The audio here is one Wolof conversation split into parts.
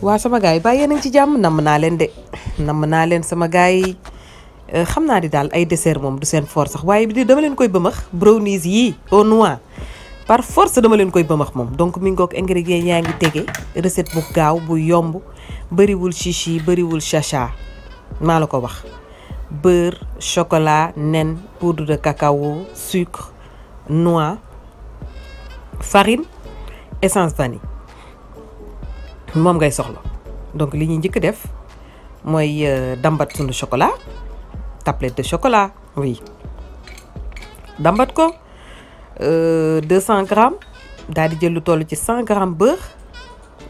waa sama gars yi bàyyee nañ ci jàmm namm naa leen de nam naa leen sama gars yi euh, xam naa di daal ay dessert moom du seen force sax waaye bi dama leen koy bëmax brownies yi o noix par force dama leen koy bëmax moom donc mi ngoog ingrédients yaa ngi tege recette bu gaaw bu yomb bëriwul chichi bëriwul chacha maa la ko wax beurre chocolat nen poudre de cacao sucre noix farine essence vanille moom ngay soxla donc li ñuy njëkk def mooy euh, dambat sunu chocolat tablette de chocolat oui dambat ko 200 euh, grammes daal di jël lu toll ci 100 grammes beurre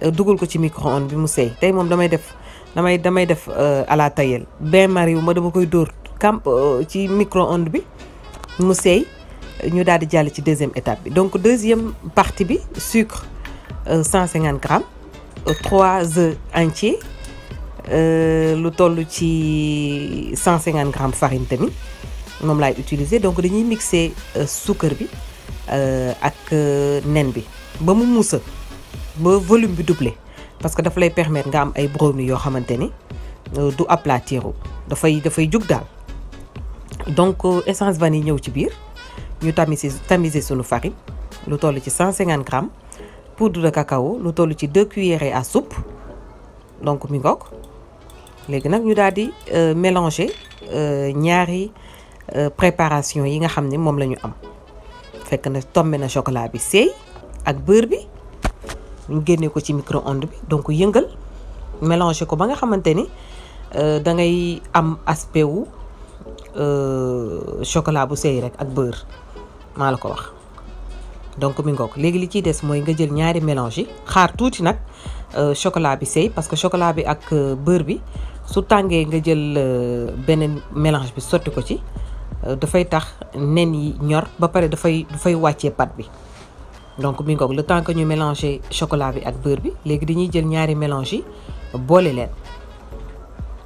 euh, dugal ko ci micro-ondes bi mu seey tey moom damay def damay damay def à la tayel bain marie wu ma dama koy dóor camp ci micro-ondes bi mu seey ñu daal di jàll ci deuxième étape bi donc deuxième partie bi sucre cinquante grammes. trois œufs entiers euh, lu toll ci cent cinquante grammes farine tamit moom laay utiliser donc dañuy mixer euh, suukar bi euh, ak nen bi ba mu muusa ba volume bi doublé parce que dafa lay permettre nga am ay brownie yoo xamante ni du aplatiru dafay dafay jug daal donc essence vanille ñëw ci biir ñu tamiser tamiser sunu farine lu toll ci cent cinquante grammes poudre de cacao lu toll ci deux cuillerées à soupe donc mi ngoog léegi nag ñu daal di euh, mélanger euh, ñaari euh, préparation yi nga xam ni moom la ñu am fekk na tombé na chocolat bi seey ak bër bi ñu génnee ko ci micro-ondes bi donc yëngal mélanger ko ba nga xamante ni da ngay am aspect wu chocolat bu seey rek ak beurre maa la ko wax. donc mi léegi li ciy des mooy nga jël ñaari mélange yi xaar tuuti nag euh, chocolat bi sey parce que chocolat bi ak euh, bër bi su tàngee nga jël euh, beneen mélange bi sotti ko ci dafay tax nen yi ñor ba pare dafay dafay wàccee pâte bi donc mi ngoog le temps que ñu mélanger chocolat bi ak bër bi léegi dañuy jël ñaari mélange yi boole leen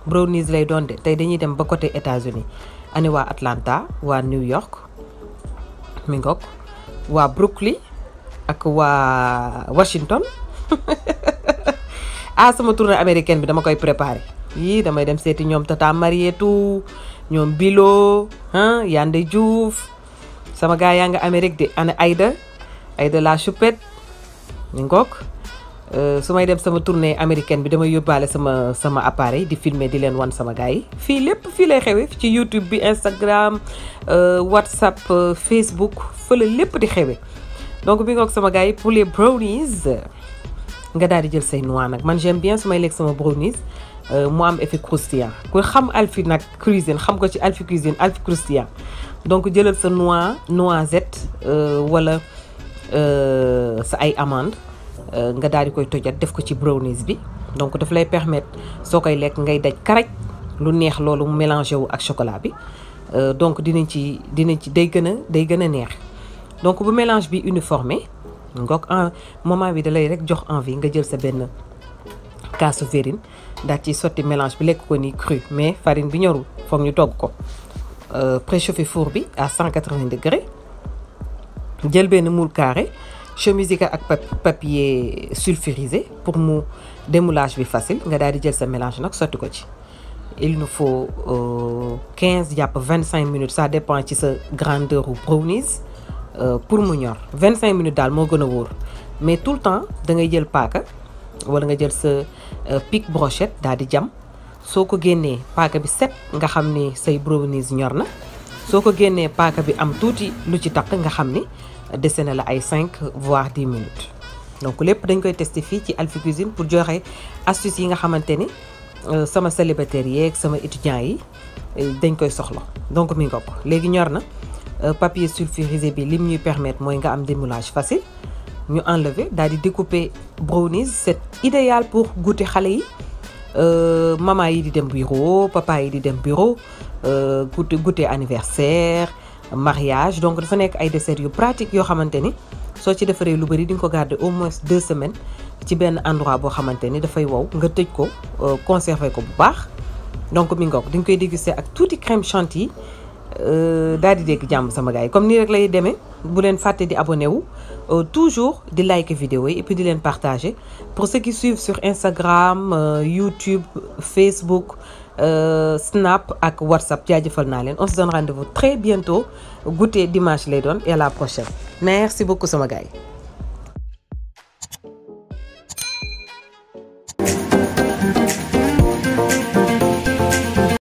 brownies lay doon de tey dañuy dem ba côté États-Unis ani waa Atlanta waa New York mi waa Brooklyn ak waa Washington ah sama tournée américain bi dama koy préparé yii damay dem seeti ñoom Tata Marietou ñoom Bilo ah Yande Diouf sama gars yaa ngi Amérique di ana Aïda Aïda la ni ngook Euh, su may dem sama tournée américain bi damay yóbbaale sama sama appareil di filmer di leen wan sama gars yi fii lépp fii lay xewee ci YouTube bi Instagram euh, WhatsApp euh, Facebook fële lépp di xewe donc bi ngoog sama gaa yi pour les brownies nga daal di jël say noix nag man j'aime bien su may lekk sama brownies mu am effet croustillant ku xam Alphie nag cuisine xam ko ci Alphie cuisine Alphie croustillant donc jëlal sa noix noisette wala sa ay amande nga daal di koy tojat def ko ci brownies bi donc daf lay permettre soo koy lekk ngay daj karaj lu neex loolu mu mélangé wu ak chocolat bi euh, donc dinañ ci dinañ ci day gën a day gën a neex donc bu mélange bi uniformé ngoog en moment bi da lay rek jox envie nga jël sa benn kaasu verine daal ci sotti mélange bi lekk ko ni cru mais farine bi ñorul foog ñu togg ko euh, préchauffé four bi à 180 degrés jël benn moule carré chemisier ak papier sulfurisé pour mu démoulage bi facile nga daal di jël sa mélange nag sotti ko ci il nous faut euh, quinze jàpp vingt cinq minutes ça dépend ci sa grandeur ou brownies euh, pour mu ñor vingt cinq minutes daal moo gën a wóor mais tout le temps da ngay jël paaka wala nga jël sa euh, pic brochette daal di jam soo ko génnee paaka bi set nga xam ni say brownies ñor na soo ko génnee paaka bi am tuuti lu ci taq nga xam ni dese na la ay cinq voire 10 minutes donc lépp dañ koy testi fii ci Alphie Cuisine pour joxe astuce yi nga xamante ni euh, sama célibataire yeeg sama étudiant yi euh, dañ koy soxla donc mi ngi ko léegi ñor na euh, papier sulfurisé bi lim ñuy permettre mooy nga am démoulage facile ñu enlever daal di découper brownies c'est idéal pour goûter xale yi Euh, maman yi di dem bureau papa yi di dem bureau euh, goûter goute anniversaire mariage donc dafa nekk ay desserts yu pratique yoo xamante ni soo ci defaree lu bëri di nga ko garder au moins deux semaines ci benn endroit boo xamante ni dafay wow nga tëj ko euh, conserver ko bu baax donc mi ngoog dañ koy déguster ak tuuti crème chantilly daal di dégg jàmm sama gars yi comme nii rek lay demee. bu leen fàtte di abonné wu euh, toujours di like vidéo yi et di leen partager pour ceux qui suivent sur Instagram euh, YouTube Facebook euh, Snap ak WhatsApp jaajëfal naa leen on se donne rendez très bientôt goûter dimanche lay doon et à la prochaine merci beaucoup sama gars yi